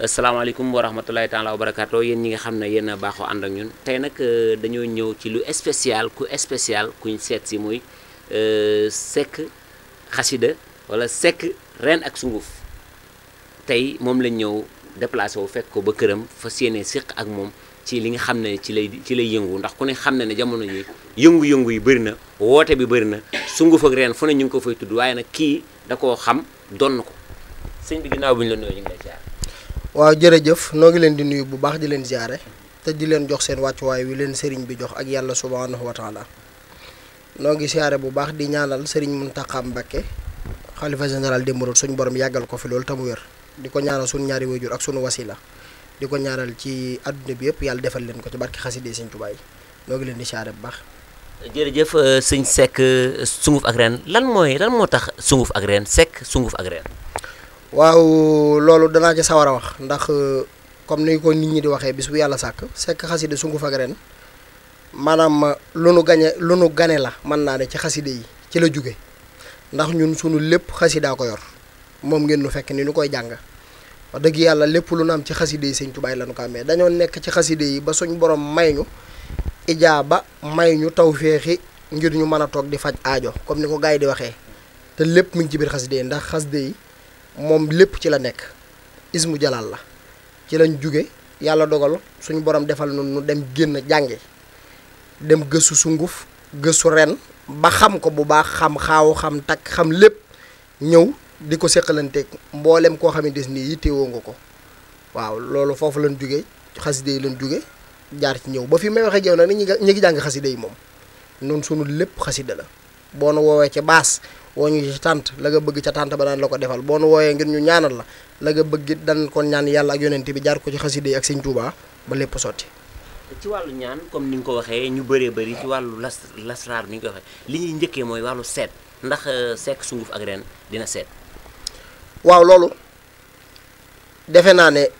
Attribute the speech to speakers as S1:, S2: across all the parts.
S1: asalaamaaleykum wa rahmatulahi taala wa barakaatu yéen ñi ngi xam ne yéen a baaxoo ànd ak ñun tey nag euh, dañoo ñëw ci lu spécial ku spécial kuñ seet si muy euh, Seck xasida wala Seck ren ak sunguf tey moom lañ ñëw déplacé wu fekk ko ba këram fas yéene séq ak moom ci li nga xam ne ci lay ci lay yëngu ndax ku ne xam ne ne jamono yi yëngu-yëngu yi bëri na woote bi bëri na sunguf ak reen fu ne ñu ngi ko fay tudd waaye nag kii da koo xam doon na ko sëñ ginnaaw bi ñu la ñu ngi lay jaar
S2: waaw jërëjëf noo ngi leen di nuyu bu baax di leen ziare te di leen jox seen wàccuwaay wi leen sëriñ bi jox ak yàlla subhaanahu wa taala noo ngi ziare bu baax di ñaanal sëriñ Mountakha Mbacké xalifa général des mourides suñu borom yàggal ko fi loolu te mu wér di ko ñaanal suñu ñaari wayjur ak suñu wasila di ko ñaanal ci àdduna bi yëpp yàlla defal leen ko ci barki xaside sëñ Tuubaa yi noo ngi leen di ziare bu baax.
S1: jërëjëf euh, sëñ Seck euh, sunguf ak reen lan mooy lan moo tax sunguf ak reen Seck sunguf ak reen.
S2: waaw loolu danaa ci sawar a wax ndax euh, comme ni ko nit ñi di waxee bis bu yàlla sàkk sekk xaside sungu ak ren maanaam euh, lu nu gañe lu nu gane la man naa de ci xaside yi ci la jóge ndax ñun sunu lépp xasidaa ko yor moom ngeen nu fekk ni ñu koy jàng wax dëgg yàlla lépp lu nu am ci xaside yi sëñ Tuubaa lañu ko amee dañoo nekk ci xaside yi ba suñ borom may ñu ba may ñu féexi ngir ñu mën a toog di faj aajo comme ni ko gars yi di waxee te lépp mu ngi ci biir xaside yi ndax xaside yi moom lépp ci la nekk ismu jalaal la ci lañ jóge yàlla dogal suñu boroom defal noonu nu dem génn jàngi dem gëstu sunguf gëstu ren ba xam ko bu baax xam xaaw xam takk xam lépp ñëw di ko seqalanteeg mbooleem koo xamante ni yittewoo nga ko waaw loolu foofu lañ jóge xaside yi lañ jóge jaar ci ñëw ba fi may waxee yow nag ni ñi ngi jàng xaside yi moom noonu sunu lépp xasida la boo nu woowee ci baas woo ñu ci tànt la nga bëgg ca tànt ba daan la ko defal boo nu wooyee ngir ñu ñaanal la la nga bëgg dan kon ñaan yàlla ak yonante bi jaar ko ci xaside yi ak sëñ Tuubaa ba lépp sotti
S1: ci wàllu ñaan comme ni nga ko waxee ñu bëree bari ci wàllu las lasraar bi ni ko waxee li ñuy njëkkee mooy wàllu seet ndax euh, sekk sunguf ak reen dina seet
S2: waaw loolu defe naa ne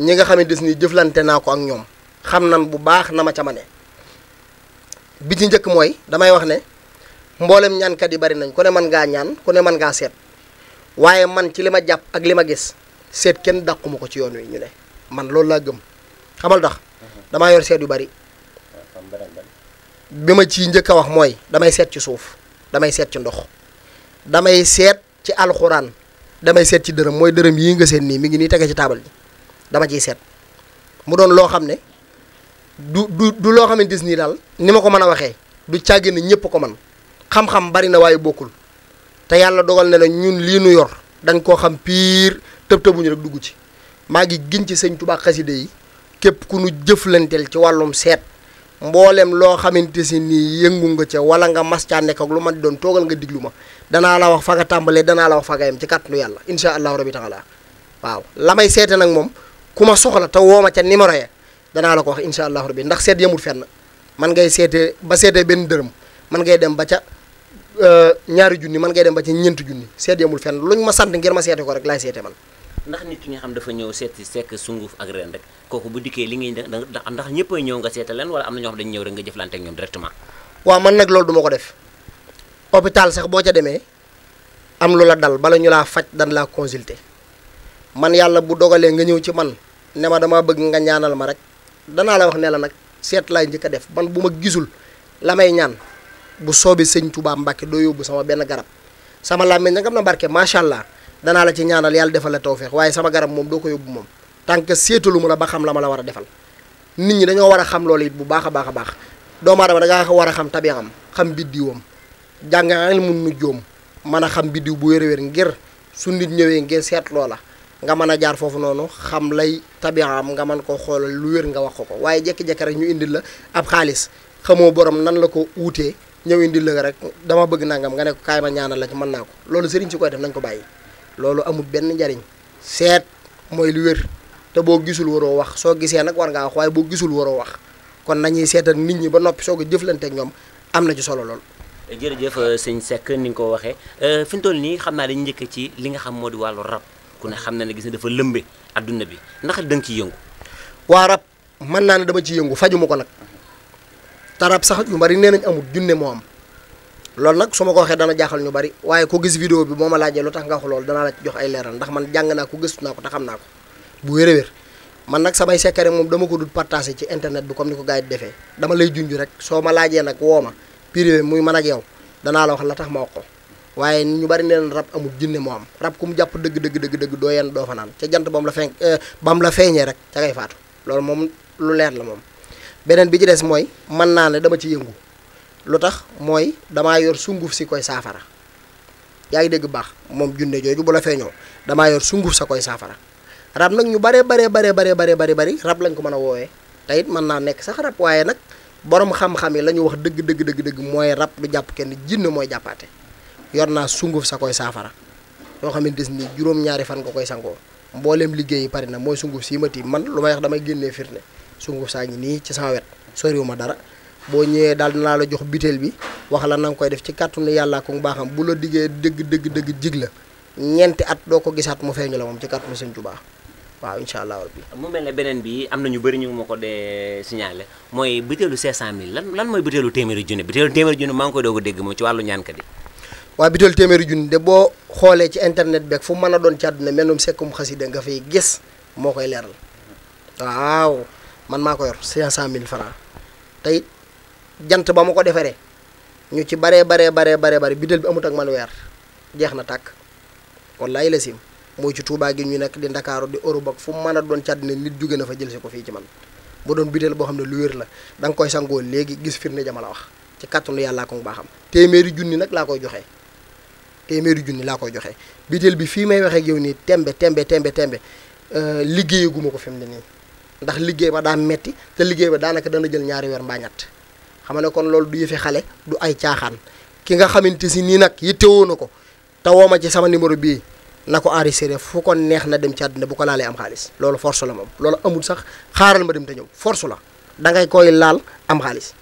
S2: ñi nga xamante ni jëflante naa ko ak ñoom xam nan bu baax na ma ca ma ne bi ci njëkk mooy damay wax ne mboolem ñaankat yi bari nañ ku ne mën ngaa ñaan ku ne man ngaa seet waaye man ci li ma jàpp ak li ma gis seet kenn dàquma ko ci yoon wi ñu ne man loolu laa gëm xamal dax mhm. damaa yor seet yu bari bi ci njëkk a wax mooy damay seet ci suuf damay seet ci ndox damay seet ci alxuraan damay seet ci dërëm mooy dërëm yii nga seet nii mi ngi nii tege ci taabal ji dama ciy seet mu doon loo xam ne du du xam ne dis nii daal ni ma ko mën a waxee du càgg ne ñëpp ko man xam-xam bari na waaye bokkul te yàlla dogal na ne ñun lii nu yor dañ koo xam piir tëb tëbuñu rek dugg ci maa ngi gin ci sëñ Tuubaa xaside yi képp ku nu jëflanteel ci wàllum seet mboolem loo xamante si nii yëngu nga ca wala nga mas caa nekk lu ma doon toogal nga diglu ma danaa la wax fa nga tàmbalee danaa la wax fa nga yem ci kàttanu yàlla incha allahu rabi taala waaw la may seete nag moom ku ma soxla te woo ma ca numéro ya danaa la ko wax incha allahu ndax seet yemul fenn man ngay ba seetee benn dërëm man ngay dem ba ca. Euh, ñaari junni man ngay dem ba ci ñeenti junni seet yamul fenn luñ ma sant ngir ma seete ko rek laay seete man
S1: ndax nit ki nga xam dafa ñëw seeti sekk sunguf ak ren rek kooku bu dikkee li ngay ndax ñëpp ay ñëw nga seeta leen wala am na ñoo xam dañu ñëw rek nga jëflante ak ñoom directement
S2: waaw man nag loolu du ma ko def hôpital sax boo ca demee am lu la dal bala ñu laa faj dan laa consulter man yàlla bu dogalee nga ñëw ci man ne ma dama bëgg nga ñaanal ma rek danaa la wax ne la nag seet laay njëkk a def man bu ma gisul la may ñaan bu soobee sëñ Touba Mbacke doo yóbbu sama benn garab sama làmmiñ nag am na barke macha allah danaa la ci ñaanal yàlla defal la tawféex waaye sama garab moom doo ko yóbbu moom tant que seetalu ma la ba xam la ma la war a defal nit ñi dañoo war a xam loolu it bu baax baax a baax doomu aadama da ngaa war a xam tabiam xam biddiwam jàng mun nu joom mën a xam biddiw bu wér-wér ngir su nit ñëwee ngir seet loola nga mën a jaar foofu noonu xam lay tabiam nga mën ko xoolal lu wér nga wax ko ko waaye jékki-jékki rek ñu indi la ab xaalis xamoo borom nan la ko wuutee ñëw indi la rek dama bëgg nangam nga ne ko kaay ma ñaanal la ci mën naa ko loolu sëriñ si koy def nañ ko bàyyi loolu amul benn njariñ seet mooy lu wér te boo gisul waroo wax soo gisee nag war ngaa wax waaye boo gisul waroo wax kon nañuy seetal nit ñi ba noppi soo ko jëflanteeg ñoom am na ci solo lool.
S1: jërëjëf euh, sëñ Seck ni nga ko waxee euh, fi ñu toll nii xam naa dañu njëkk ci li nga xam moo di wàllu rab ku
S2: ne xam na ne gis ne dafa lëmbe àdduna bi ndax da nga ciy waa mën naa ne dama ciy yëngu fajuma ko nag dara sax ñu bari nee nañ amul junne moo am loolu nag su ma ko waxee dana jaaxal ñu bari waaye ku gis vidéo bi boo ma laajee lu tax nga wax loolu danaa la jox ay leeral ndax man jàng naa ko gëstu naa ko te xam naa ko bu wér a wér man nag samay secret moom dama ko dul partagé ci internet bi comme ni ko gars yi defee dama lay junj rek soo ma laajee nag woo ma privé muy man ak yow danaa la wax la tax ma wax ko waaye ñu bari nee nañ rab amul jinne moo am rab ku mu jàpp dëgg dëgg dëgg dëgg doo doo fa naan ca jant bam la feeñ euh, bam la feeñee rek ca ngay loolu moom lu leer la moom beneen bi ci des mooy mën naa ne dama ci yëngu lu tax mooy damaa yor sunguf si koy saafara yaa ngi dégg baax moom junne jooju bu la fee feeñoo damaa yor sunguf sa koy saafara rab nag ñu baree baree baree baree baree bari bari rab lañ ko mën a woowee te it mën naa nekk sax borom xam-xam yi la ñu wax dëgg dëgg dëgg mooy rab du jàpp kenn jinn mooy jàppaate yor naa sunguf sa koy saafara yoo xamante ni juróom-ñaari fan nga koy sangoo mbooleem liggéey yi pare na mooy sunguf sii ma tiim man lu ma wax damay génnee firnde sunguf saa ngi nii ci sama wet soriwuma dara boo ñëwee daal dinaa la jox butéel bi wax la na nga koy def ci kàttanu yàlla ko baaxam bu la diggee dëgg dëgg dëgg jig la ñeenti at doo ko gisaat mu feeñu la moom ci kàttanu Sëñ Tuubaa waaw incha allah rabbi
S1: mu mel ne beneen bi am na ñu bëri ñu ma ko dee signalé mooy butéelu 500000 lan lan mooy butéelu téeméeri junne butéelu téeméeri junne maa ngi koy doog a dégg moom ci wàllu ñaankat yi
S2: waaw butéelu téeméeri junne de boo xoolee ci internet beeg fu mën a doon ci àdduna melnum sekkum xasida nga fay gis moo koy leeral man maa ko yor cinq cent mille francs tey jant ba ma ko defaree ñu ci baree bare baree baree bare bideel bi amut ak man weer jeex na tàkk wallaay la sim mooy ci Touba gi ñu nekk di Ndakaaru di Europe ak fu mu mën a doon càdd ne nit jóge na fa jël ko fii ci man mu doon bideel boo xam ne lu wér la da koy sangoo léegi gis firnde jama la wax ci kàttanu yàllaa ko baaxam téeméeri junni nag laa koy joxe téeméeri junni laa koy joxe bideel bi fii may waxee ak yow nii tembe tembe tembe tembe euh, liggéeyaguma ko fi mu ne nii. ndax liggéey ba daa metti te liggéey ba daanaka dana jël ñaari weer mbaa ñett xam ne kon loolu du yëfi xale du ay caaxaan ki nga xamante si nii nag yittewoo na ko te ma ci sama numéro bii na ko enregistré foo ko neex na dem ci àdduna bu ko laalee am xaalis loolu force la moom loolu amul sax xaaral ma dem te ñëw force la dangay koy laal am xaalis.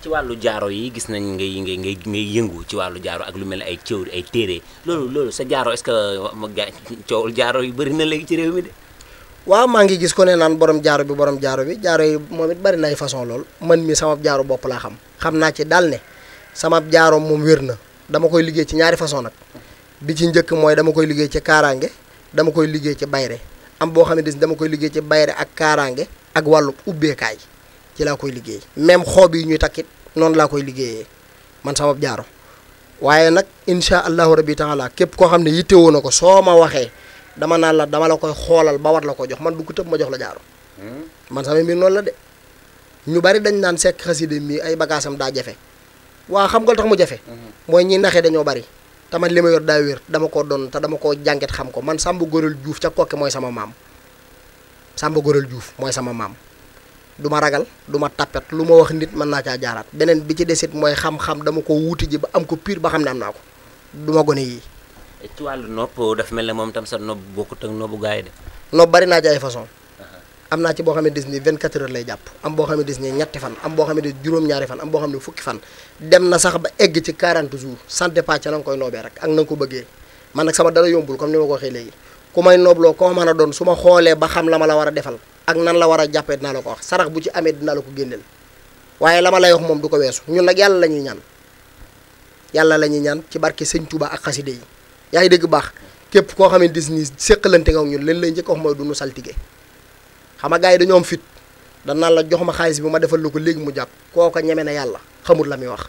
S1: ci wàllu jaaro yi gis nañ ngay ngay ngay ngay yëngu ci wàllu jaaro ak lu mel ne ay cëw ay téere loolu lool sa jaaro est-ce que coow jaaro yu bëri na léegi ci réew mi de.
S2: waaw maa ngi gis ko ne naan borom jaaro bi borom jaaro bi jaaro yi moom it bari na ay façon loolu man mi sama jaaro bopp laa xam xam naa ci daal ne sama jaaro moom wér na dama koy liggéey ci ñaari façon nag bi ci njëkk mooy dama koy liggéey ci kaaraange dama koy liggéey ci bayre am boo xam ne des dama koy liggéey ci bayre ak kaaraange ak wàllu ubbeekaay ci laa koy liggéey même xoob yi ñuy takkit noonu laa koy liggéeyee man sama jaaro waaye nag incha allahu rabi taala képp koo xam ne yittewoo na ko soo ma waxee dama naan la dama la koy xoolal ba wat la ko jox man du ko tëb ma jox la jaaro man sama mbir noonu la de ñu bari dañ naan sekk xaside mi ay bagaasam daa jafe waa xam nga lu tax mu jafe mhm. mooy ñi naxee dañoo bari tamat li ma yor daa wér dama koo doon te dama koo jànget xam ko man Samba Gorel Diouf ca kokki mooy sama maam Samba Gorel Diouf mooy sama maam du ma ragal du ma tappet lu ma wax nit mën naa caa jaaraat beneen bi ci desit mooy xam-xam dama ko wuuti ji ba am ko piir ba xam ne am naa ko du gone yii
S1: ci wàllu nopp dafa mel ne moom tam sa nopp bokkut
S2: ak noppu gars yi de. nopp bari naa ci ay façon am naa ci boo xam ne Disney 24 heures lay jàpp am boo xam ne Disney ñetti fan am boo xam ne juróom-ñaari fan am boo xam ne fukki fan dem na sax ba egg ci 40 jours sans départ ca koy noobee rek ak na nga ko bëggee man nag sama dara yombul comme ni ma ko waxee léegi ku may noobloo koo mën a doon su ma xoolee ba xam la ma la war a defal ak nan la a jàppee dinaa la ko wax bu ci amee dinaa la ko génneel waaye la lay wax moom du ko weesu ñun nag yàlla la ñuy ñaan yàlla la ñuy ñaan ci barke sëñ Touba ak xaside yi yaa ngi dégg baax képp koo xamante ni séqalante nga ñun leen lay njëkk wax mooy du nu saltige xam nga gars yi dañoo am fit danaan la jox ma xaalis bi ma defal la ko léegi mu jàpp kooka ñeme na yàlla xamul la muy wax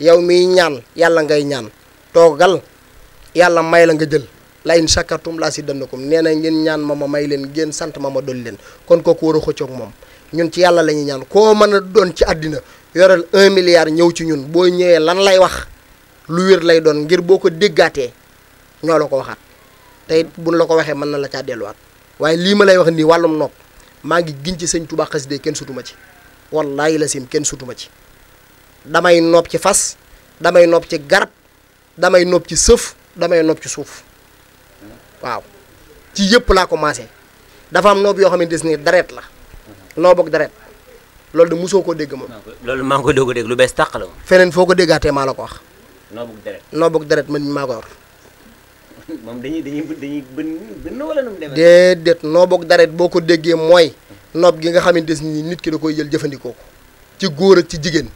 S2: yow miy ñaan yàlla ngay ñaan toogal yàlla may la nga jël la in shakartum la azidannakum nee na ngeen ñaan ma ma may leen ngeen sant ma ma dolli leen kon kooku war a xëccoog moom ñun ci yàlla la ñuy ñaan koo mën a doon ci àddina yoreel un milliard ñëw ci ñun boo ñëwee lan lay wax lu wér lay doon ngir boo ko déggaatee ñoo la ko waxaat tey buñ la ko waxee mën na la caa delluwaat waaye lii ma lay wax nii wàllum nopp maa ngi giñ ci sëñ Tuubaa xasida kenn sutuma ci wallaahi la sim kenn sutuma ci damay nopp ci fas damay nopp ci garab damay nopp ci sëf damay nopp ci suuf waaw ci yëpp laa commencé dafa am noob yoo xamante ne dareet la noob ak dareet loolu de musoo koo dégg moom.
S1: loolu maa ngi koy doog a dégg lu bees tàq la
S2: feneen foo ko déggaatee maa la ko wax. noob ak dareet noob ak dareet man
S1: moom dañuy dañuy dañuy bën
S2: noo boog deret boo ko déggee mooy nopp gi nga xamante ni nit ki da koy jël jëfandikoo ko ci góor ak ci jigéen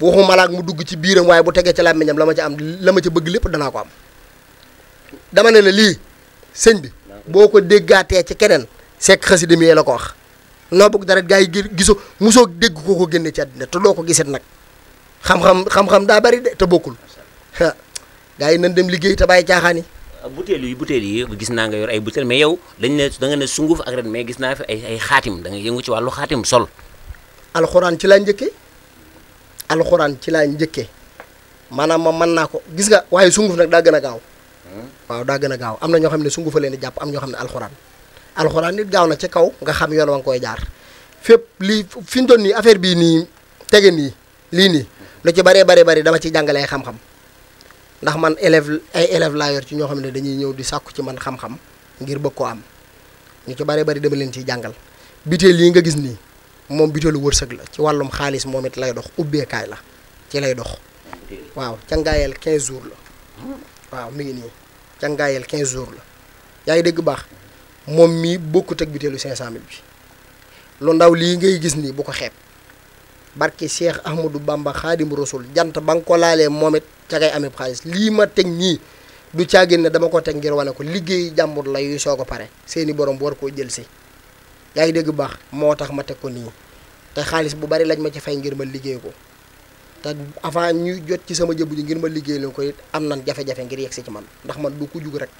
S2: waxu malaak mu dugg ci biiram waaye bu tegee ci làmmiñam la ma ca am la ma ca bëgg lépp danaa ko am dama ne la lii sëñ bi boo ko déggaatee ci keneen sekk xasida mi la ko wax noo boog deret gaa yi gisoo mosoo dégg ko ko génne ci àddina te doo ko gisit nag xam-xam xam-xam daa bari de te bokkul gars yi nañ dem liggéey te bàyyi caaxaan yi
S1: ah, butéel yi butéel yi gis naa nga yor ay butéel mais yow dañ ne da ne sunguf ak ren mais gis naa ay ay xaatim da nga yëngu ci wàllu xaatim sol
S2: alxuraan ci laa njëkkee alxuraan ci laa njëkkee maanaam ma mën naa ko gis nga waaye sunguf nag daa gën a gaaw
S1: hmm?
S2: waaw daa gën a gaaw am na ñoo xam ne sungufa leen di jàpp am ñoo xam ne alxuraan alxuraan nit gaaw na ci kaw nga xam yoon wa nga koy jaar fépp lii fi ñu doon nii affaire bii nii tege nii lii nii lu ci baree baree bari dama ci jàngalee xam-xam ndax man élève ay élève laa ci ñoo xam ne dañuy ñëw di sàkku ci man xam-xam ngir bëgg ko am ñu ci bari bari dama leen ciy jàngal biteel yi nga gis nii moom biteelu wërsëg la ci wàllum xaalis moom it lay dox ubbeekaay la ci lay dox waaw cangaayel quinze jours la waaw mi ngi nii cangaayel 15 jours la yaa ngi dégg baax moom mii bokkut ak biteelu 500000 bi lu ndaw lii ngay gis nii bu ko xeeb barki Cheikh Ahmadou Bamba Xaadim Rasul jant ba nga ko laalee moom it ca ngay amee xaalis lii ma teg nii du caagin ne dama ko teg ngir wane ko liggéey jàmbur la yuy soog a pare seeni borom war koo jël si yaa ngi dégg baax moo tax ma teg ko nii te xaalis bu bari lañ ma ci fay ngir ma liggéey ko te avant ñuy jot ci sama jëbu ji ngir ma liggéey ko it am na jafe-jafe ngir yegg si ci man ndax man du ko jug rek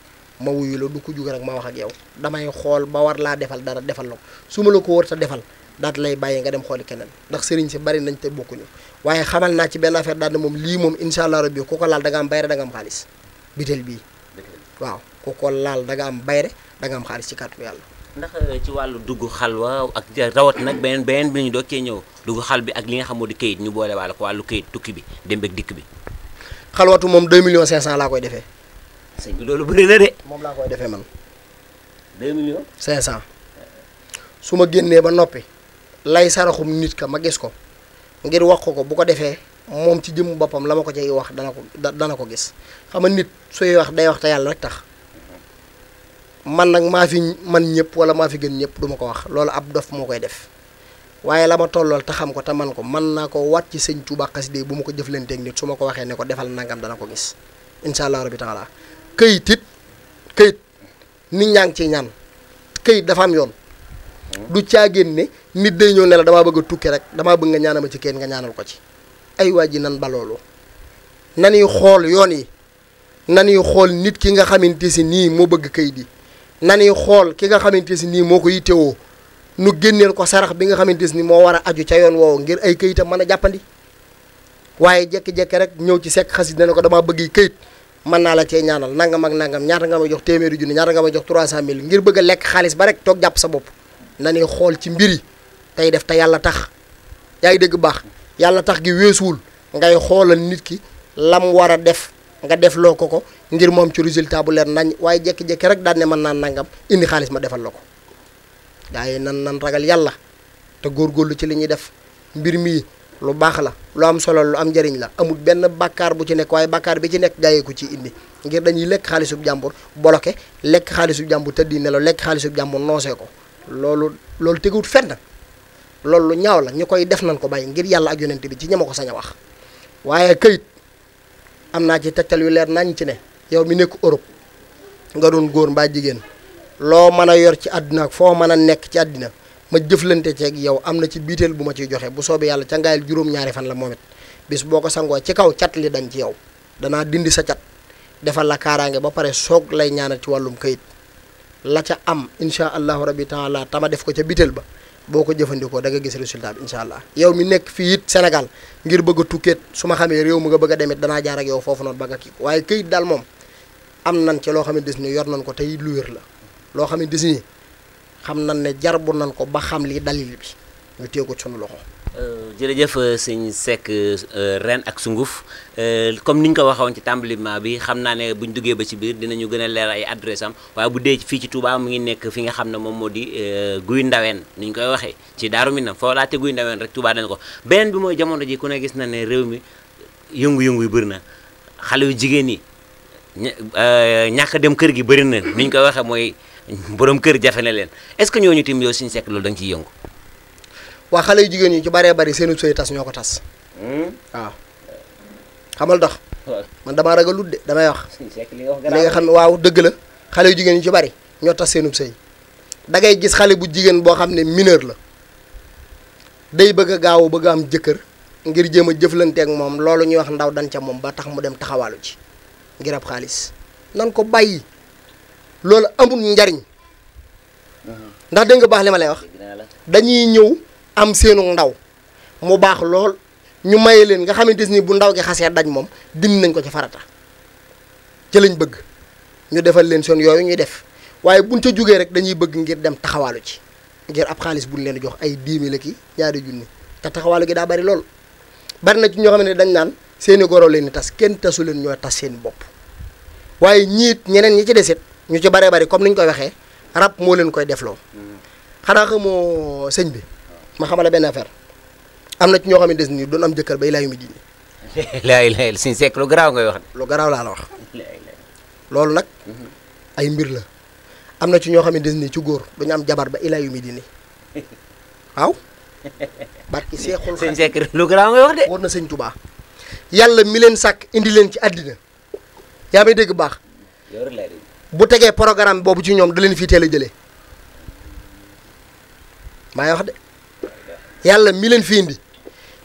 S2: ma wuyu du ko jug rek ma wax ak yow damay xool ba war laa defal dara defal la ko su ma la ko war ta defal daat lay bàyyi nga dem xooli keneen ndax sëriñ si bari nañ te bokkuñu waaye xamal naa ci benn affaire daal ne moom lii moom incha allah rabbi ku ko laal da nga am bayre da am xaalis bitel bii waaw ko ko laal da am bayre da nga am xaalis ci kàttu yàlla
S1: ndax euh, ci wàllu dugg xalwa ak rawat nag beneen beneen bi ñu doo dokkee ñëw dugg xal bi ak li nga xam moo di kayit ñu boole wàll ko wàllu kayit tukki bi dem ak dikk bi
S2: xalwatu moom 2 millions 500 laa koy defee sëñ loolu bëri na de moom laa koy defee man su ma génnee ba noppi lay saraxum nit ka ma gis ko ngir wax ko ko bu ko defee moom ci jëmm boppam la ma ko cay wax dana ko dana ko gis xam nit suy wax day wax te yàlla rek tax man nag maa fi man ñëpp wala maa fi gën ñëpp duma ko wax loolu ab dof moo koy def waaye la ma tollool te xam ko te man ko mën naa ko wàt ci sëñ Tuubaa xasida bu ma ko jëflanteeg nit su ma ko waxee ne ko defal nangam dana ko gis incha allah rabbi taala këyit it këyit nit ñaa ngi ciy ñaan këyit dafa am yoon. du caagéen ne nit day ñëw ne la damaa bëgg tukki rek damaa bëgg nga ñaanal ma ci kenn nga ñaanal ko ci ay waa ji nan ba loolu nanuy xool yoon yi nanuy xool nit ki nga xamante si nii moo bëgg kayit yi nanuy xool ki nga xamante si nii moo ko yittewoo nu génneel ko sarax bi nga xamante si nii moo war a aju ca yoon woowu ngir ay kayitam mën a jàppandi waaye jékki-jékki rek ñëw ci sekk xasit ne ko damaa bëgg yi kayit mën naa la cee ñaanal nangam ak nangam ñaata nga may jox lekk xaalis ba rek toog jàpp sa bopp nañuy xool ci mbir yi tey def te yàlla tax yaa ngi dégg baax yàlla tax gi weesuwul ngay xoolal nit ki lam war a def nga def loo ko ko ngir moom ci résultat bu leer nañ waaye jékki-jékki rek daan ne mën naa nangam indi xaalis ma defal la ko gars yi nan nan ragal yàlla te góor góor lu ci li ñuy def mbir mii lu baax la lu am solo lu am njëriñ la amul benn bakkaar bu ci nekk waaye bàkkaar bi ci nekk gars yi ko ci indi ngir dañuy lekk xaalisub jàmbur bloqué lekk xaalisub jàmbur tëddi nelaw lekk xaalisub jàmbur noosee ko loolu loolu fet na loolu lu ñaaw la ñu koy def nañ ko bàyyi ngir yàlla ak yonent bi ci ñama ko sañ wax waaye këyit am naa ci tegtal yu leer nañ ci ne yow mi nekk Europe nga doon góor mbaa jigéen loo mën a yor ci àdduna ak foo mën a nekk ci àddina ma jëflante ceeg yow am na ci biiteel bu ma ciy joxe bu soobee yàlla ca ngaayal juróom-ñaari fan la moom bis boo ko sangoo ci kaw cat li dañ ci yow danaa dindi sa cat defal la kaaraange ba pare soog lay ñaanal ci wàllum këyit la ca am incha allahu rabi taala tama def ko ca bitel ba boo ko jëfandikoo da nga gis résultat bi incha allah yow mi nekk fii it Sénégal ngir bëgg a tukkeet su ma xamee réew mi nga bëgg a demee danaa jaar ak yow foofu noonu ba nga kii waaye këyit daal moom am nan ci loo xam ne des ni yor nañ ko tey lu wér la loo xam ne des ni xam nañ ne jar bu nañ ko ba xam lii dalil bi ñu téye ko sunu loxo
S1: Euh, jërëjëf euh, sëñ Seck euh, ren ak sunguf comme ni ñu ko waxoon ci tàmbaliment bi xam naa ne buñ duggee ba ci biir dinañu gën a leer ay adresse am waaye bu dee fii ci Touba mu ngi nekk fi nga xam ne moom moo di guy ndaween ni ñu koy waxee ci Daaru Minam foo laate guy ndaween rek Touba dañ ko beneen bi mooy jamono ji ku ne gis na ne réew mi yëngu-yëngu yu bëri na xale yu jigéen yi ñàkk dem kër gi bëri na ni ñu koy waxee mooy borom kër jafe na leen est-ce que ñooñu tim yow sëñ Seck loolu da ciy yëngu
S2: waa xale yu jigéen ñi ci baree bari seen sëy tas ñoo ko tas. Hmm? waaw xamal dox man damaa ragal ludde damay wax.
S1: li nga xam
S2: ne waaw dëgg la xale yu jigéen ñi ci bari ñoo tas seenub sëy da ngay gis xale bu jigéen boo xam ne mineur la day bëgg a bëgg am jëkkër ngir jéem a jëflanteeg moom loolu ñuy wax ndaw dan ca moom ba tax mu dem taxawaalu ci ngir ab xaalis nan ko bàyyi loolu amul njariñ hmm. ndax dégg nga baax li ma lay wax dañuy ñëw. am seenu ndaw mu baax lool ñu maye leen nga xamante nii bu ndaw gi xasee daj moom dind nañ ko ci farata ci lañ bëgg ñu defal leen seen yooyu ñuy def waaye buñ ca jógee rek dañuy bëgg ngir dem taxawaalu ci ngir ab xaalis buñ leen jox ay dix mille ki ñaari junni te taxawaalu gi daa bari lool bari na ci ñoo xam ne dañ naan seeni goro leen tas kenn tasu leen ñoo tas seen bopp waaye ñiit ñeneen ñi ci desit ñu ci baree bari comme ni ñu koy waxee rab moo leen koy defloo mm-hmm. xanaa xamoo sëñ bi ma xamala benn affaire am na ci ñoo xam ne nii ni am jëkkër bay laayu mi diine
S1: laay laay suñu seek lu garaaw ngay wax lu garaaw laa la wax
S2: loolu nag mhm. ay mbir la am na ci ñoo xam ne des ci góor duñu am jabar ba ilaayu mi diine waaw barki seexul sëñ Seck lu garaaw ngay wax de war na sëñ Tuubaa yàlla mi leen sàkk indi leen ci àddina yaa may dégg baax bu tegee programme boobu ci ñoom da leen fii teel a jëlee maay wax de yàlla mi leen fi indi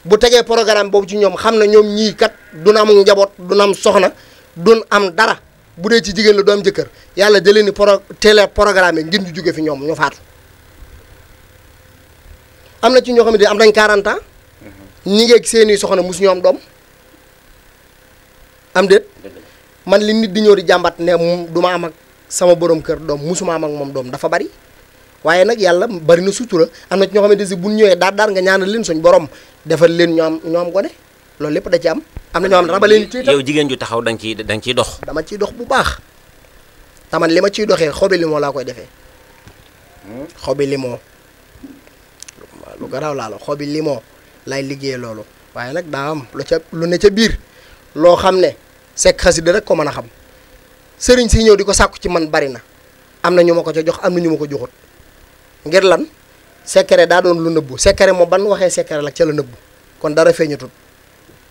S2: bu tegee programme boobu ci ñoom xam na ñoom ñii kat duna am njaboot dun am soxna dun am dara bu dee ci jigéen la du am jëkkër yàlla da ni pro télé programme ngir ñu jóge fi ñoom ñu faatu am na ci ñoo xamante ne am nañ 40 ans mhm. ñi ngeeg seeni soxna mus ñu doom am déet man li nit di ñëw di jàmbat ne du ma am sama boroom kër doom musuma am ak moom doom dafa bari waaye nag yàlla bari na sutura am na ci ñoo xamante si bu ñëwee daar daar nga ñaana leen suñ borom defal leen ñoo am ñoo gone loolu lépp da ci am am na ñoo xam raba leen ci yow
S1: jigéen ju taxaw danga ciy danga ciy dox
S2: dama ciy dox bu baax li ma ciy doxee xobi limoo laa koy defee xobi limoo lu garaaw laa la xobi limoo lay liggéey loolu waaye nag daa lu ca lu ne ca biir loo xam ne sekk xasida rek ko mën a xam sëriñ si ñëw di ko sàkku ci man bari na am na ñu ma ko ca jox am na ñu ma ko joxut ngir lan secret daa doon lu nëbbu secret moom ban waxee secret la ca la nëbbu kon dara feeñatul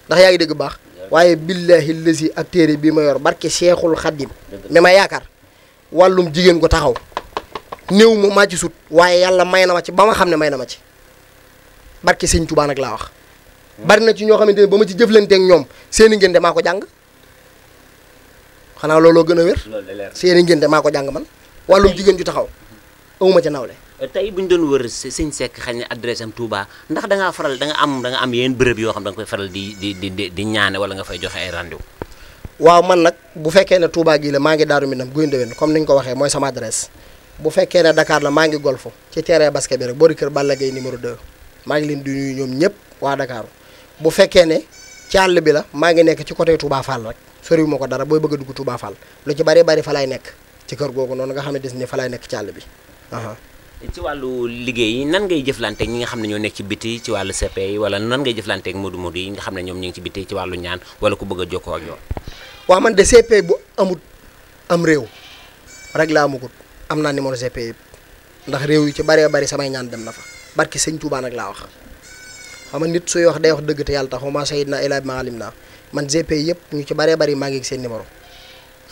S2: ndax yaa ngi dégg baax waaye billahi lazi ak téere bii ma yor barke Seexul Xaddim mi ma yaakaar wàllum jigéen gu taxaw néew ma ci sut waaye yàlla may na ma ci ba ma xam ne may na ma ci barke sëñ Tuubaa nag laa wax bari na ci ñoo xamante ne ba ma ci jëflanteeg ñoom seeni ngénte maa ko jàng xanaa looloo gën a wér seeni ngénte maa ko jàng man wàllum jigéen ju taxaw awuma ca nawle
S1: tey bu ñu doon wër sëñ Seck xëy na adresse am Touba ndax da ngaa faral danga am da nga am yeneen bërëb yoo xam da nga koy faral di di di di ñaane wala nga fay joxe ay rendez-vous.
S2: waaw man nag bu fekkee ne Touba gii la maa ngi Daaru Minam guy Ndewen comme ni ko waxee mooy sama adresse bu fekkee ne Dakar la maa ngi golfu ci terrain basket bi rek boori kër Balla Gaye numéro 2 maa ngi leen di ñoom ñëpp waa Dakar bu fekkee ne ci bi la maa ngi nekk ci côté Touba Fall rek soriwu ma ko dara booy bëgg a dugg Touba Fall lu ci bari bari fa lay nekk ci kër googu noonu nga xamante ne fa laay nekk ci àll bi
S1: ci wàllu liggéey yi nan ngay jëflanteeg ñi nga xam ne ñoo nekk ci biti ci wàllu CP yi wala nan ngay jëflanteeg Modou Modou yi nga xam ne ñoom ñu ngi ci biti ci wàllu ñaan wala ku bëgg a jokkoo ak
S2: yow. waaw man de CP bu amut am réew rek laa amagut am naa numéro CP yëpp ndax réew yu ci bëree bëri samay ñaan dem na fa barki sëñ Touba nag laa wax xam nga nit suy wax day wax dëgg te yàlla tax ma sayid na ilaa ma alim man yëpp ñu ci bëree bëri maa ngi seen numéro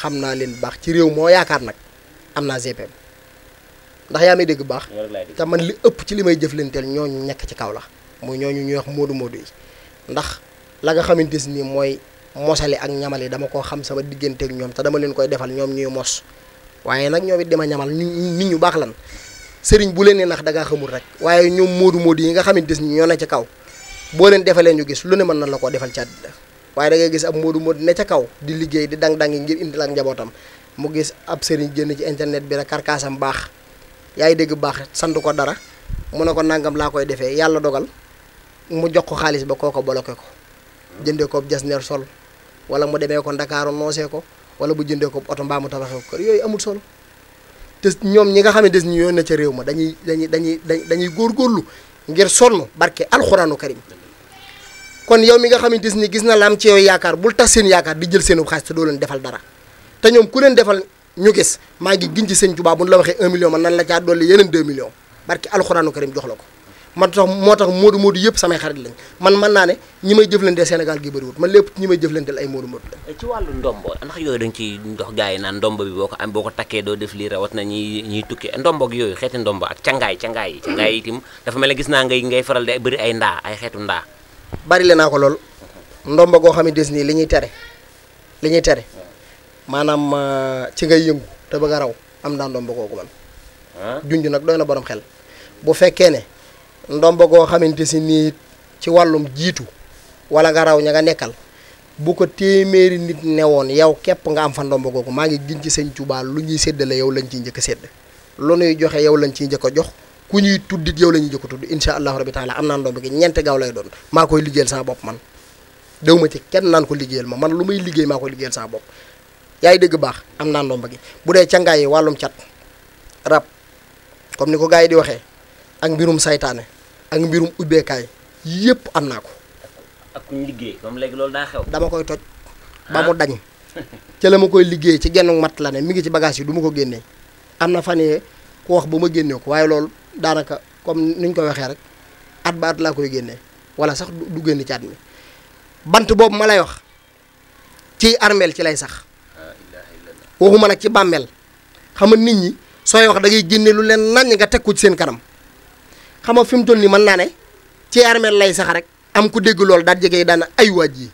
S2: xam naa leen baax ci réew moo yaakaar nag am naa GP ndax yaa may dégg bu baax te man li ëpp ci li may jëflanteel ñooñu nekk ci kaw la ñoo ñu ñuy wax moodu moodu yi ndax la nga xamante si ni mooy mosali ak ñamal yi dama koo xam sama digganteek ñoom te dama leen koy defal ñoom ñuy mos waaye nag ñoom it dama ñamal nit ñu baax lan sëriñ bu leen nax da xamul rek waaye ñoom moodu moodu yi nga xamante ni ñoo ne ca kaw boo leen defalee ñu gis lu ne mën na la koo defal ci àddina waaye da gis ab moodu moodu ne ca kaw di liggéey di dang-dangi ngir indil ak njabootam mu gis ab sëriñ génn ci internet bi rek karkaasam baax yaa ngi dégg baax sant ko dara mu ne ko nangam laa koy defee yàlla dogal mu jox ko xaalis ba kooko boloke ko jëndee ko jasneer sol wala mu demee ko ndakaaru noosee ko wala bu jëndee ko oto mbaa mu tabaxee ko yooyu amul solo te ñoom ñi nga xam ne des yoon na ca réew ma dañuy dañuy dañuy dañuy góorgóorlu ngir sonn barke alxuraanu karim kon yow mi nga xam ne des ni gis na la am ci yow yaakaar bul tas seen yaakaar di jël seenu xaalis te doo leen defal dara te ñoom ku leen defal ñu gis maa ngi giñ ci sëñ Tuubaa bu ñu la waxee 1 million man nan la caa dolli yeneen 2 millions barki alxuraanu karim jox la ko man tax moo tax moodu moodu yëpp samay xarit lañ man man naa ne ñi may jëflanteel Sénégal gi bëriwut man lépp ñi may jëflanteel ay moodu moodu
S1: la ci wàllu ndombo ndax yooyu dañ ci dox gars yi naan ndombo bi boo ko am boo ko takkee doo def lii rawat na ñi ñuy tukki ndombo ak yooyu xeeti ndombo ak cangaay cangaay yi cangaay itam dafa mel ne gis naa ngay ngay faral de bëri ay ndaa ay xeetu ndaa
S2: bari le naa ko lool ndombo goo xam ne des nii li ñuy tere li ñuy tere maanaam ci ngay yëngu te ba a raw am naa ndomba googu man. Ah? junj nag doy na borom xel. bu fekkee ne ndomba goo xamante si nii ci wàllum jiitu wala nga raw ña nga nekkal bu ko téeméeri nit newoon yow képp nga am fa ndomba googu maa ngi gin ci sëñ Tuubaa lu ñuy séddale yow lañ ciy njëkk a sédd lu ñuy lañ ciy njëkk a jox. ku ñuy tuddit yow la ñuy jëkk tudd incha allahu rabi taala am naa ndomb gi ñeenti gaaw lay doon maa koy liggéeyal sama bopp man déw ma ci kenn naan ko liggéeyal ma man lu may liggéey maa koy liggéeyal sama bopp yaa ngi dégg baax am naa ndomba gi bu dee cangaay yi wàllum cat rab comme ni ko gaa yi di waxee ak mbirum seytaane ak mbirum ubbeekaay yépp am naa ko.
S1: ak ku liggéey comme léegi loolu daa dama koy toj
S2: ba ah. mu dañ ca la ma koy liggéey ci genn mat la ne mi ngi ci bagage yi duma ko génnee am na fan yee ku wax ba ma génnee ko waaye loolu daanaka comme ni ñu ko waxee rek at ba at laa koy génnee wala sax du génn ci mi bant boobu ma lay wax ci armeel ci lay sax. waxuma nag ci bàmmeel xam nga nit ñi sooy wax da ngay génne lu leen naññ nga teg ko ci seen kanam xam nga fi mu toll nii mën naa ne ci armeel lay sax rek am ku dégg loolu daal jege daan ay waaj yi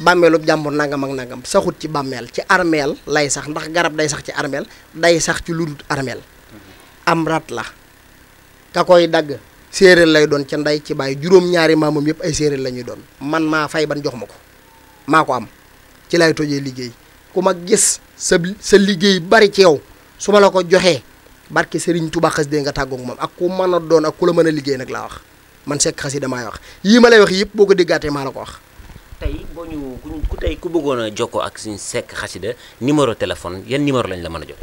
S2: bàmmeelub jàmbur nangam ak nangam saxut ci bàmmeel ci armeel lay sax ndax garab day sax ci armeel day sax ci lu dul armeel am rat la ka koy dagg séeréer lay doon ca ndey ci bàyyi juróom-ñaari maamam yëpp ay séeréer la ñuy doon man maa fay ban jox ma ko maa ko am ci lay tojee liggéey ku ma gis sa sa liggéey bari ci yow su ma la ko joxee barke Serigne Touba xasida nga tàggoog moom ak ku mën a doon ak ku la mën a liggéey nag laa wax man Seck xasida maay wax yii ma lay wax yëpp boo ko déggaatee maa la ko wax. tey
S1: boo ñu ku tey ku bëggoon a ko ak suñu Seck xasida numéro téléphone yan numéro lañ la mën a jot.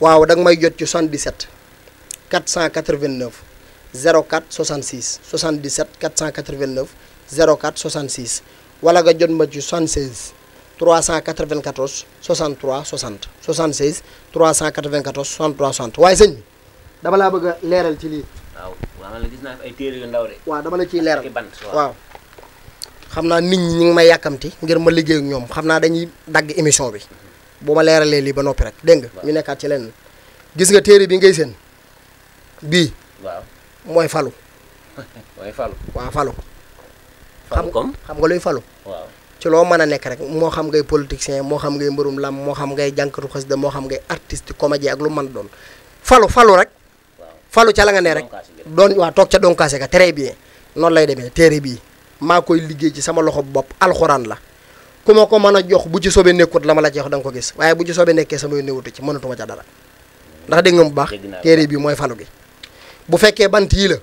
S2: waaw da nga may jot ci 77 489 04 66 77 489 04 66 wala nga jot ma ci 76. 394 63 60 76 394 63 60 waaye sëñ bi dama laa bëgg a leeral ci lii.
S1: waaw gis naa ay téere yu ndaw
S2: de. dama la ciy leeral waaw. xam naa nit ñi ñu ngi may yàkkamti ngir ma liggéey ak ñoom xam naa dañuy dagg émission bi bu ma leeralee lii ba noppi rek dégg nga. ñu nekkaat ci lenn gis nga téere bi ngay seen bii. waaw mooy falu.
S1: mooy falu. waaw xam
S2: nga luy falu. ci loo mën a nekk rek moo xam ngay politicien moo xam ngay mbërum lam moo xam ngay jànkatu xasida moo xam ngay artiste comédien ak lu mën doon falu falu rek falu ca la nga ne rek doon waa toog ca donkaase ka très bien noonu lay demee téere bii maa koy liggéey ci sama loxo bopp alxuraan la ku ma ko mën a jox bu ci soobee nekkut la ma la jox da nga ko gis waaye bu ci soobee nekkee sama néewutu ci mënatuma ca dara ndax dégg nga bu baax téere bii mooy falu gi bu fekkee bant yii la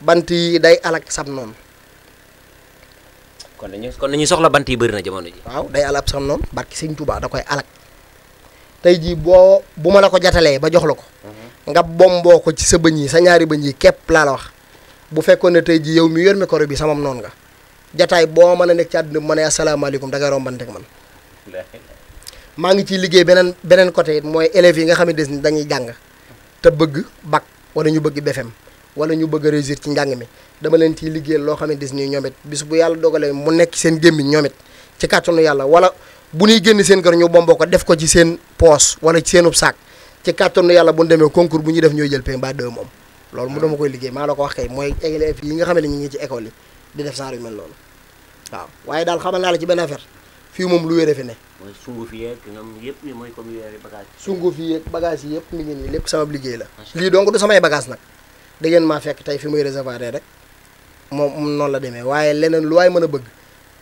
S2: bant yi day alak sab noonu
S1: kon dañuy kon dañuy soxla bant yi bëri na
S2: jamono ji. waaw day alab sam noonu barki sëñ Touba da koy alak tey jii boo bu ma la ko jatalee ba jox la ko. Mhm. nga bomboo ko ci sa bëñ yi sa ñaari bëñ yi képp laala wax bu fekkoon ne tey jii yow mi yor micro bi samam noonu nga jataay boo mën a nekk ci àdduna bi ma ne asalaamaaleykum da ngay rombanteeg man. maa ngi ciy liggéey beneen beneen côté it mooy élèves yi nga xam ne des ni dañuy jàng te bëgg bac wala ñu bëgg BFEM wala ñu bëgg a ci njàng mi dama leen ciy liggéey loo xamante ni ñoom it bis bu yàlla dogalee mu nekk seen gémmiñ ñoom it ci kàttanu yàlla wala bu ñuy génn seen kër ñu bombo ko def ko ci seen poos wala ci seenub saak ci kàttanu yàlla bu ñu demee concours bu ñuy def ñoo jël paie ba deux moom. loolu mu dama koy liggéey maa la ko wax kay mooy élèves yi nga xam ne ñu ngi ci école yi di def genre yu mel loolu waaw waaye daal xamal naa la ci benn affaire fii moom lu wéer fi ne.
S1: mooy sunguf yi ak ñoom yëpp
S2: yëpp mi ngi lépp sama liggéey la. lii donc samay bagage nag da ngeen maa fekk tey fi muy recevoir rek moom noonu la demee waaye leneen lu waay mën a bëgg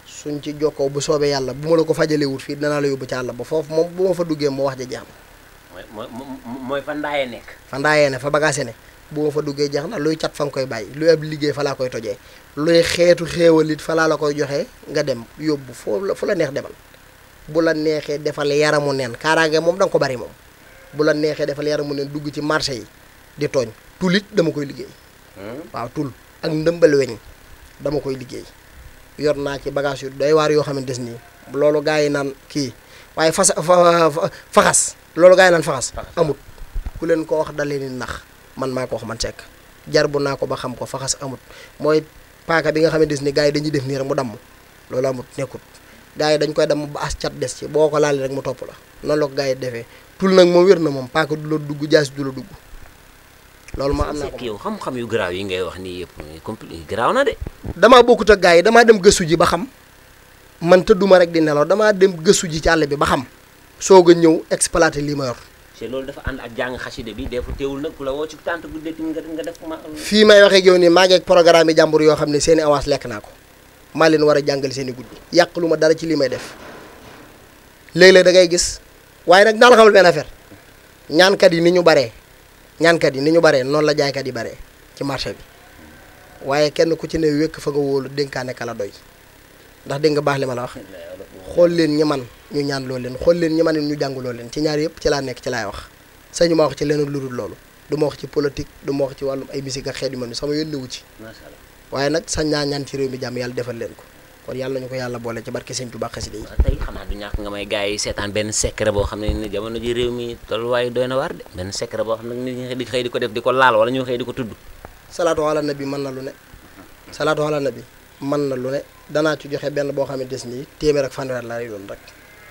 S2: suñ ci jokkoo bu soobee yàlla bu ma la ko fajalee wut fii danaa la yóbbu ci àll ba foofu moom bu ma fa duggee moo wax ja jeex na.
S1: mooy mooy fa ndaayee nekk.
S2: fa ndaayee fa bagaase ne bu fa duggee jeex na luy cat fa nga koy bàyyi luy ab liggéey fa laa koy tojee luy xeetu xéewal it fa laa la koy joxee nga dem yóbbu foo fu la neex demal bu la neexee defal yaramu neen kaaraange moom danga ko bari moom bu la neexee defal yaramu neen dugg ci marché yi. di tooñ tul it dama koy liggéey waaw tul ak ndëmbal weñ dama koy liggéey yor naa ci bagage yu doy waar yoo xamante ne nii loolu gaa yi naan kii waaye fas faxas loolu gaa yi naan faxas amut ku leen ko wax da leen ni nax man maa ko wax man sekk jar bu naa ko ba xam ko faxas amut mooy paaka bi nga xamante ni gaa yi dañuy def nii rek mu damm loolu amut nekkut gaa yi dañ koy damm ba as cat des ci boo ko laalee rek mu topp la noonu la ko gaa yi defee tul nag moom wér na moom paaka du dugg jaasi du dugg
S1: loolu ma am naa ko yow xam-xam yu garaaw yi ngay wax nii yëpp compli garaaw na de.
S2: damaa bokkut ak gars yi damaa dem gëstu ji ba xam man tëdduma rek di nelaw damaa dem gëstu ji ci bi ba xam soog a ñëw exploité lii ma yor.
S1: te loolu dafa ànd ak jàng xaside bi def teewul nag la woo ci tànt bu ma.
S2: fii may waxee yow nii maa ngi ak jàmbur yoo xam ne seeni i lekk naa ko maa leen war a jàngale seeni i guddi yàq ma dara ci li may def léeg-léeg da ngay gis waaye nag naa la xamal benn affaire ñaankat yi ni ñu baree ñaankat yi ni ñu baree noonu la jaaykat yi bare ci marché bi waaye kenn ku ci ne wékk fa nga wóolu dénkaane kala doy ndax dégg nga baax li ma la wax xool leen ñi man ñu ñaan lool leen xool leen ñi man ñu jàngu loolu leen ci ñaar yëpp ci laa nekk ci laay wax sañu ma wax ci leneen lu dul loolu du ma wax ci politique du ma wax ci wàllum ay musique ak xeet yu mel ni sama yónni wu ci waaye nag sañ naa ñaan ci réew mi jàmm yàlla defal leen ko kon yàlla nañu ko yàlla boole ci barke sëñ Tuubaa xasida yi tey xam naa du ñàkk
S1: nga may gars yi seetaan benn secret boo xam ne ni jamono ji réew mi tolluwaayu doy na waar de benn secret boo xam ne nit ñi di xëy di ko def di ko laal wala ñu xëy di ko tudd
S2: salaatu ala nabi mën na lu ne salaatu ala nabi mën na lu ne danaa ci joxe benn boo xam ne des nii téeméer ak fanweer laa lay doon rek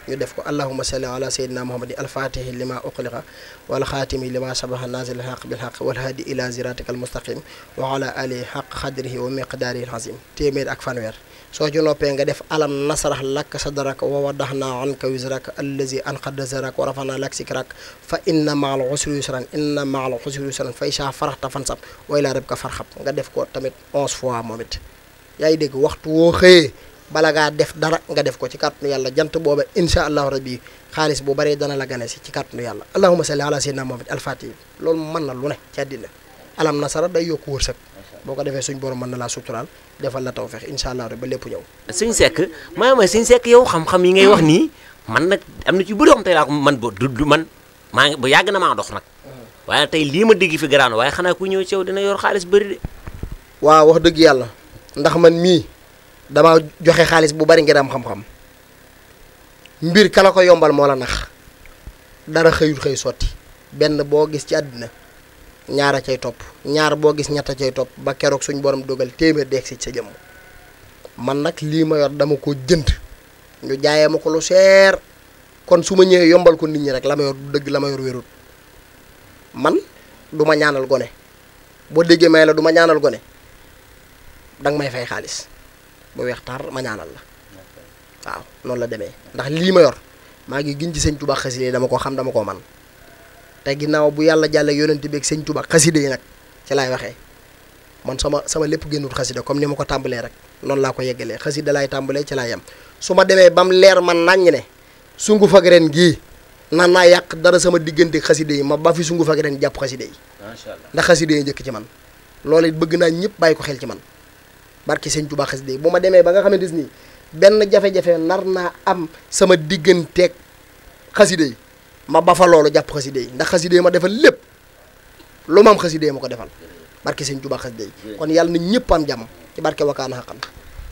S2: ñu def ko allahuma salli ala sayyidina muhammadi alfatihi lima uqliqa wal xaatimi lima sabaxa naazil xaq bil xaq wal haadi ila ziratika al mustaqim wa ala alihi xaq wa téeméer ak fanweer soo ci noppee nga def alam nasrah laka sadrak wa wadaxnaa anka wisrak allazi anqada zarak wa rafanaa lak sikrak fa inna maal usri yusran inna maal usri yusran fa isa faraxta fansab wa ilaa rabbika farxab nga def ko tamit onze fois moom it yaa ngi dégg waxtu woo xëyee bala ngaa def dara nga def ko ci kàttanu yàlla jant booba insha allahu rabbi xaalis bu baree dana la gane si ci kàttanu yàlla allahuma salli ala sayyidina muhammad alfatih loolu mën na lu ne ci àddina alam nasara day yokku wërsëg boo ko defee suñ borom mën na laa suturaal defal la taw fex incha allah ba lépp ñëw.
S1: suñ sekk maa ma suñ sekk yow xam-xam yi ngay wax nii man nag am na ci bëri xam tey man ba man maa ngi yàgg na maa dox nag tey lii ma dégg fi garaanu waaye xanaa ku ñëw ci yow dina yor xaalis bëri de.
S2: waaw wax dëgg yàlla ndax man mii dama joxe xaalis bu bari ngir am xam-xam mbir kala ko yombal moo la nax dara xëyul xëy sotti benn boo gis ci àddina ñaara cay topp ñaar boo gis ñett a cay topp ba keroog suñ borom dogal téeméer deeg si sa jëmm man nag lii ma yor dama ko jënd ñu jaayee ma ko lu seer kon su ma ñëwee yombal ko nit ñi rek la ma yor du dëgg la ma yor wérut man du ma ñaanal gone boo déggee may la du ma ñaanal gone danga may fay xaalis bu weex tar ma ñaanal la waaw noonu la demee ndax lii ma yor maa ngi giñ ci sëñ Tuubaa xasile dama ko xam dama ko man te ginnaaw bu yàlla jàlle yonent bi ak sëñ Tuba xasida yi nag ci laay waxee man sama sama lépp génnut xasida comme ni ma ko tàmbalee rek noonu laa ko yeggalee xasida laay tàmbalee ci laay yem su ma demee ba leer man naññ ne sungu fag ren gii nan naa yàq dara sama diggante xasida yi ma ba fi sungu fag ren jàpp xasida yi ndax xasida yi njëkk ci man loolu it bëgg naa ñëpp bàyyi ko xel ci man barki sëñ Tuba xasida yi bu ma demee ba nga xamante ni benn jafe-jafe nar naa am sama digganteeg xasida ma ba loolu jàpp xaside yi ndax xaside ma defal lépp lu ma am xaside ma ko defal barke sëñ Tuubaa xaside yi kon yàlla na ñëpp am jàmm ci barke wakaana xaqan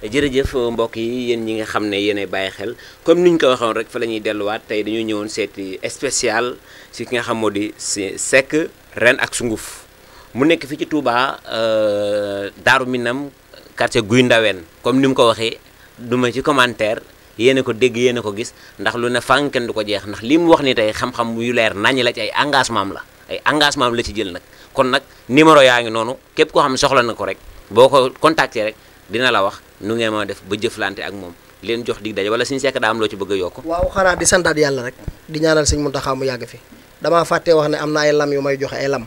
S1: jërëjëf mbokk yi yéen ñi nga xam ne yéenay bàyyi xel comme ni ñu ko waxoon rek fa la ñuy delluwaat tey dañoo ñëwoon seeti spécial si ki nga xam moo di Seck ren ak sunguf mu nekk fii ci Touba euh, Daaru Minam quartier Guy Ndaween comme ni mu ko waxee duma ci commentaire yéen a ko dégg yéen a ko gis ndax lu ne fànken du ko jeex ndax li mu wax ni tey xam-xam yu leer naññ la ci ay engagement la ay engagement la ci jël nag kon nag numéro yaa ngi noonu képp koo xam ne soxla na ko rek boo ko contacter rek dina la wax nu ngeen ma def ba jëflante ak moom leen jox dig daje wala suñu sekk daa am loo ci bëgg a yokk waaw
S2: xanaa di santaat yàlla rek di ñaanal sëñ Muntaxa mu yàgg fi damaa fàttee wax ne am na ay lam yu may joxe ay lam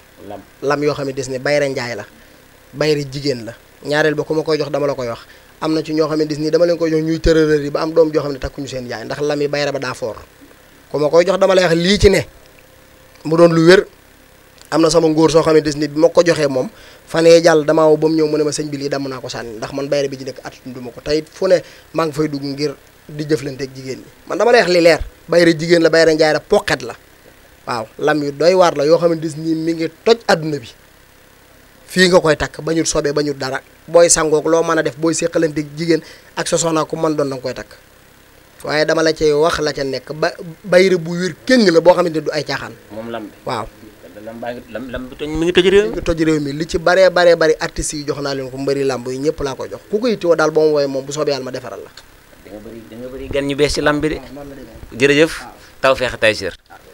S2: lam yoo xam ne des ne bayra njaay la bayra jigéen la ñaareel ba ma koy jox dama la koy wax am na ci ñoo xam ne dis nii dama leen koy jox ñuy tërërër yi ba am doom joo xam ne takkuñu seen yaay ndax lami bayra ba daa foor ku ma koy jox dama lay wax lii ci ne mu doon lu wér am na sama ngóor soo xam ne dis bi ma ko joxee moom fanee jàll damaa woo ba mu ñëw mu ne ma sëñ bi lii damm naa ko sànni ndax man bayra bi ci nekk at duma ko tey fu ne ngi fay dugg ngir di jëflanteeg jigéen ñi man dama lay wax li leer bayra jigéen la bayra njaay la poqet la waaw lam yu doy waar la yoo xam ne dis nii mi ngi toj àdduna bi fii nga koy takk bañul sobe bañul dara booy sangook loo mën a def booy séqalante jigéen ak sa soxnaa ko mën doon danga koy takk waaye dama la cay wax la ca nekk ba bayre bu wér kéng la boo xamante ne du ay caaxaan. moom lam waaw. lam baa ngi lam lam bi toj mi ngi toj réew mi. mi mi li ci baree bare bari artistes yi jox naa leen ko mbëri làmb yi ñëpp laa ko jox ku ko yittewoo daal ba mu woowee moom bu soobee yàlla ma defaral la.
S1: da nga bëri da nga bëri gan ñu bees ci lam bi de. Ah,